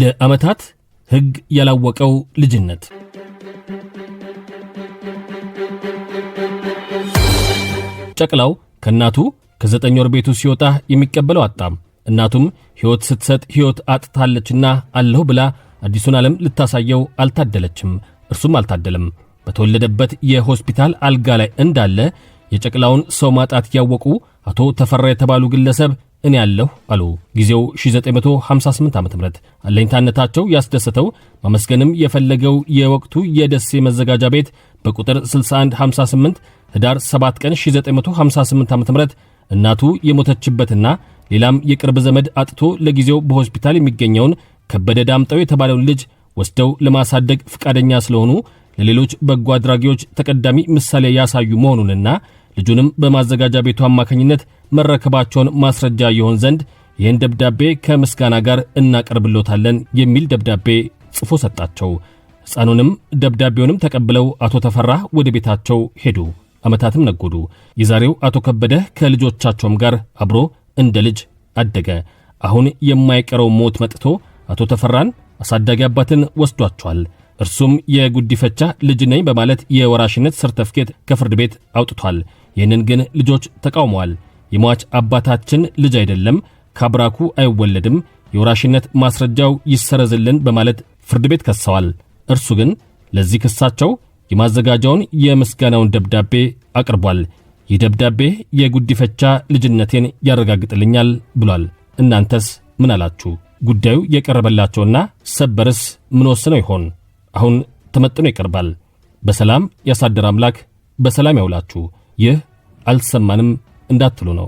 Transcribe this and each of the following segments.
ለዓመታት ሕግ ያላወቀው ልጅነት ጨቅላው ከእናቱ ከዘጠኝ ወር ቤቱ ሲወጣ የሚቀበለው አጣም። እናቱም ሕይወት ስትሰጥ ሕይወት አጥታለችና አለሁ ብላ አዲሱን ዓለም ልታሳየው አልታደለችም። እርሱም አልታደለም። በተወለደበት የሆስፒታል አልጋ ላይ እንዳለ የጨቅላውን ሰው ማጣት ያወቁ አቶ ተፈራ የተባሉ ግለሰብ እኔ ያለሁ አሉ። ጊዜው 1958 ዓ.ም። አለኝታነታቸው ያስደሰተው ማመስገንም የፈለገው የወቅቱ የደሴ መዘጋጃ ቤት በቁጥር 6158 ህዳር 7 ቀን 1958 ዓ.ም እናቱ የሞተችበትና ሌላም የቅርብ ዘመድ አጥቶ ለጊዜው በሆስፒታል የሚገኘውን ከበደ ዳምጠው የተባለውን ልጅ ወስደው ለማሳደግ ፈቃደኛ ስለሆኑ ለሌሎች በጎ አድራጊዎች ተቀዳሚ ምሳሌ ያሳዩ መሆኑንና ልጁንም በማዘጋጃ ቤቱ አማካኝነት መረከባቸውን ማስረጃ ይሆን ዘንድ ይህን ደብዳቤ ከምስጋና ጋር እናቀርብሎታለን የሚል ደብዳቤ ጽፎ ሰጣቸው። ሕፃኑንም ደብዳቤውንም ተቀብለው አቶ ተፈራ ወደ ቤታቸው ሄዱ። ዓመታትም ነጎዱ። የዛሬው አቶ ከበደ ከልጆቻቸውም ጋር አብሮ እንደ ልጅ አደገ። አሁን የማይቀረው ሞት መጥቶ አቶ ተፈራን አሳዳጊ አባትን ወስዷቸዋል። እርሱም የጉዲፈቻ ልጅ ነኝ በማለት የወራሽነት ሰርተፍኬት ከፍርድ ቤት አውጥቷል። ይህንን ግን ልጆች ተቃውመዋል። የሟች አባታችን ልጅ አይደለም፣ ካብራኩ አይወለድም፣ የወራሽነት ማስረጃው ይሰረዝልን በማለት ፍርድ ቤት ከሰዋል። እርሱ ግን ለዚህ ክሳቸው የማዘጋጃውን የምስጋናውን ደብዳቤ አቅርቧል። ይህ ደብዳቤ የጉዲፈቻ ልጅነቴን ያረጋግጥልኛል ብሏል። እናንተስ ምን አላችሁ? ጉዳዩ የቀረበላቸውና ሰበርስ ምን ወስነው ይሆን? አሁን ተመጥኖ ይቀርባል። በሰላም ያሳደረ አምላክ በሰላም ያውላችሁ። ይህ አልተሰማንም እንዳትሉ ነው።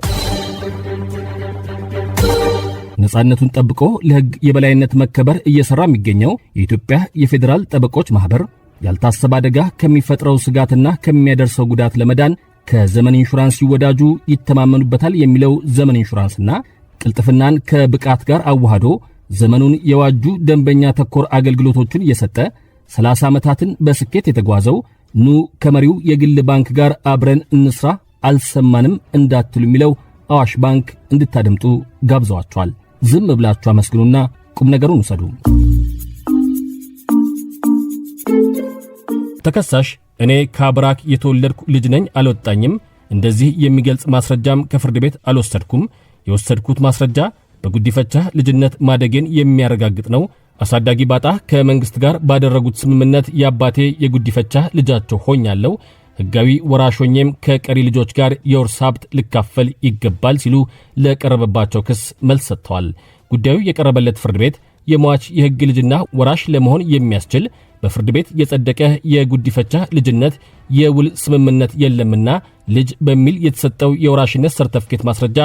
ነፃነቱን ጠብቆ ለሕግ የበላይነት መከበር እየሰራ የሚገኘው የኢትዮጵያ የፌዴራል ጠበቆች ማኅበር ያልታሰበ አደጋ ከሚፈጥረው ስጋትና ከሚያደርሰው ጉዳት ለመዳን ከዘመን ኢንሹራንስ ይወዳጁ፣ ይተማመኑበታል የሚለው ዘመን ኢንሹራንስና ቅልጥፍናን ከብቃት ጋር አዋህዶ ዘመኑን የዋጁ ደንበኛ ተኮር አገልግሎቶችን እየሰጠ ሰላሳ ዓመታትን በስኬት የተጓዘው ኑ ከመሪው የግል ባንክ ጋር አብረን እንስራ አልሰማንም እንዳትሉ የሚለው አዋሽ ባንክ እንድታደምጡ ጋብዘዋቸዋል። ዝም ብላችሁ አመስግኑና ቁም ነገሩን ውሰዱ። ተከሳሽ እኔ ከአብራክ የተወለድኩ ልጅ ነኝ አልወጣኝም፣ እንደዚህ የሚገልጽ ማስረጃም ከፍርድ ቤት አልወሰድኩም፣ የወሰድኩት ማስረጃ በጉዲፈቻ ልጅነት ማደጌን የሚያረጋግጥ ነው አሳዳጊ ባጣ ከመንግስት ጋር ባደረጉት ስምምነት የአባቴ የጉዲፈቻ ልጃቸው ሆኛለሁ፣ ወራሽ ወራሾኜም ከቀሪ ልጆች ጋር የውርስ ሀብት ልካፈል ይገባል ሲሉ ለቀረበባቸው ክስ መልስ ሰጥተዋል። ጉዳዩ የቀረበለት ፍርድ ቤት የሟች የህግ ልጅና ወራሽ ለመሆን የሚያስችል በፍርድ ቤት የጸደቀ የጉዲፈቻ ልጅነት የውል ስምምነት የለምና ልጅ በሚል የተሰጠው የወራሽነት ሰርተፍኬት ማስረጃ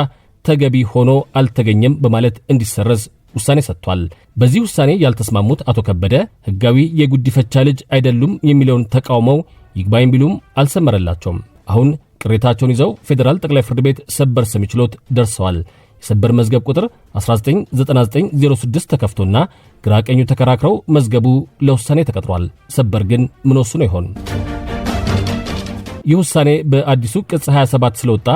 ተገቢ ሆኖ አልተገኘም በማለት እንዲሰረዝ ውሳኔ ሰጥቷል። በዚህ ውሳኔ ያልተስማሙት አቶ ከበደ ህጋዊ የጉዲፈቻ ልጅ አይደሉም የሚለውን ተቃውመው ይግባኝ ቢሉም አልሰመረላቸውም። አሁን ቅሬታቸውን ይዘው ፌዴራል ጠቅላይ ፍርድ ቤት ሰበር ሰሚ ችሎት ደርሰዋል። የሰበር መዝገብ ቁጥር 199906 ተከፍቶና ግራ ቀኙ ተከራክረው መዝገቡ ለውሳኔ ተቀጥሯል። ሰበር ግን ምን ወስኖ ይሆን? ይህ ውሳኔ በአዲሱ ቅጽ 27 ስለወጣ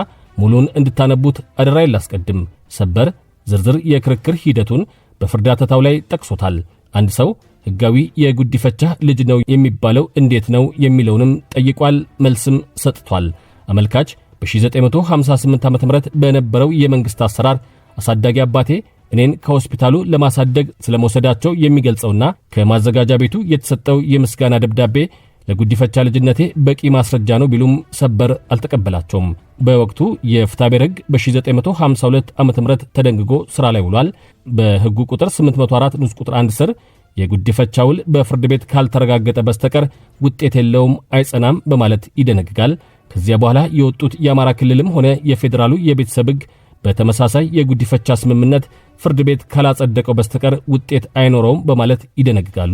ሙሉን እንድታነቡት አደራ ይላስቀድም። ሰበር ዝርዝር የክርክር ሂደቱን በፍርዳ ተታው ላይ ጠቅሶታል። አንድ ሰው ህጋዊ የጉዲፈቻ ልጅ ነው የሚባለው እንዴት ነው የሚለውንም ጠይቋል። መልስም ሰጥቷል። አመልካች በ1958 ዓ.ም በነበረው የመንግሥት አሰራር አሳዳጊ አባቴ እኔን ከሆስፒታሉ ለማሳደግ ስለመውሰዳቸው የሚገልጸውና ከማዘጋጃ ቤቱ የተሰጠው የምስጋና ደብዳቤ ለጉዲፈቻ ልጅነቴ በቂ ማስረጃ ነው ቢሉም ሰበር አልተቀበላቸውም። በወቅቱ የፍትሐብሔር ሕግ በ1952 ዓ ም ተደንግጎ ሥራ ላይ ውሏል። በሕጉ ቁጥር 804 ንዑስ ቁጥር 1 ስር የጉዲፈቻ ውል በፍርድ ቤት ካልተረጋገጠ በስተቀር ውጤት የለውም፣ አይጸናም በማለት ይደነግጋል። ከዚያ በኋላ የወጡት የአማራ ክልልም ሆነ የፌዴራሉ የቤተሰብ ሕግ በተመሳሳይ የጉዲፈቻ ስምምነት ፍርድ ቤት ካላጸደቀው በስተቀር ውጤት አይኖረውም በማለት ይደነግጋሉ።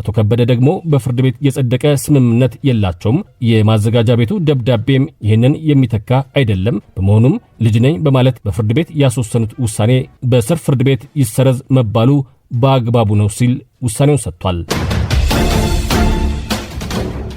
አቶ ከበደ ደግሞ በፍርድ ቤት የጸደቀ ስምምነት የላቸውም። የማዘጋጃ ቤቱ ደብዳቤም ይህንን የሚተካ አይደለም። በመሆኑም ልጅ ነኝ በማለት በፍርድ ቤት ያስወሰኑት ውሳኔ በስር ፍርድ ቤት ይሰረዝ መባሉ በአግባቡ ነው ሲል ውሳኔውን ሰጥቷል።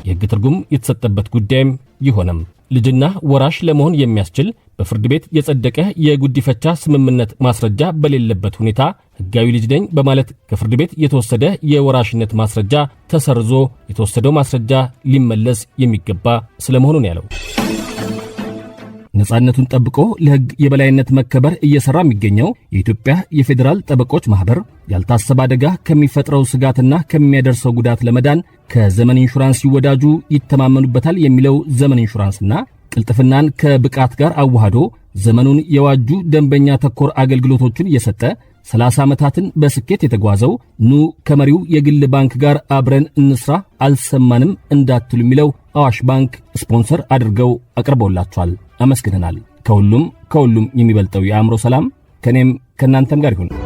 የሕግ ትርጉም የተሰጠበት ጉዳይም ይሆነም ልጅና ወራሽ ለመሆን የሚያስችል በፍርድ ቤት የጸደቀ የጉዲፈቻ ስምምነት ማስረጃ በሌለበት ሁኔታ ሕጋዊ ልጅ ነኝ በማለት ከፍርድ ቤት የተወሰደ የወራሽነት ማስረጃ ተሰርዞ የተወሰደው ማስረጃ ሊመለስ የሚገባ ስለመሆኑን ያለው ነጻነቱን ጠብቆ ለሕግ የበላይነት መከበር እየሰራ የሚገኘው የኢትዮጵያ የፌዴራል ጠበቆች ማህበር ያልታሰበ አደጋ ከሚፈጥረው ስጋትና ከሚያደርሰው ጉዳት ለመዳን ከዘመን ኢንሹራንስ ይወዳጁ፣ ይተማመኑበታል የሚለው ዘመን ኢንሹራንስና ቅልጥፍናን ከብቃት ጋር አዋህዶ ዘመኑን የዋጁ ደንበኛ ተኮር አገልግሎቶችን እየሰጠ ሰላሳ ዓመታትን በስኬት የተጓዘው ኑ ከመሪው የግል ባንክ ጋር አብረን እንስራ አልሰማንም እንዳትሉ የሚለው አዋሽ ባንክ ስፖንሰር አድርገው አቅርበውላችኋል። አመስግነናል። ከሁሉም ከሁሉም የሚበልጠው የአእምሮ ሰላም ከእኔም ከእናንተም ጋር ይሁን።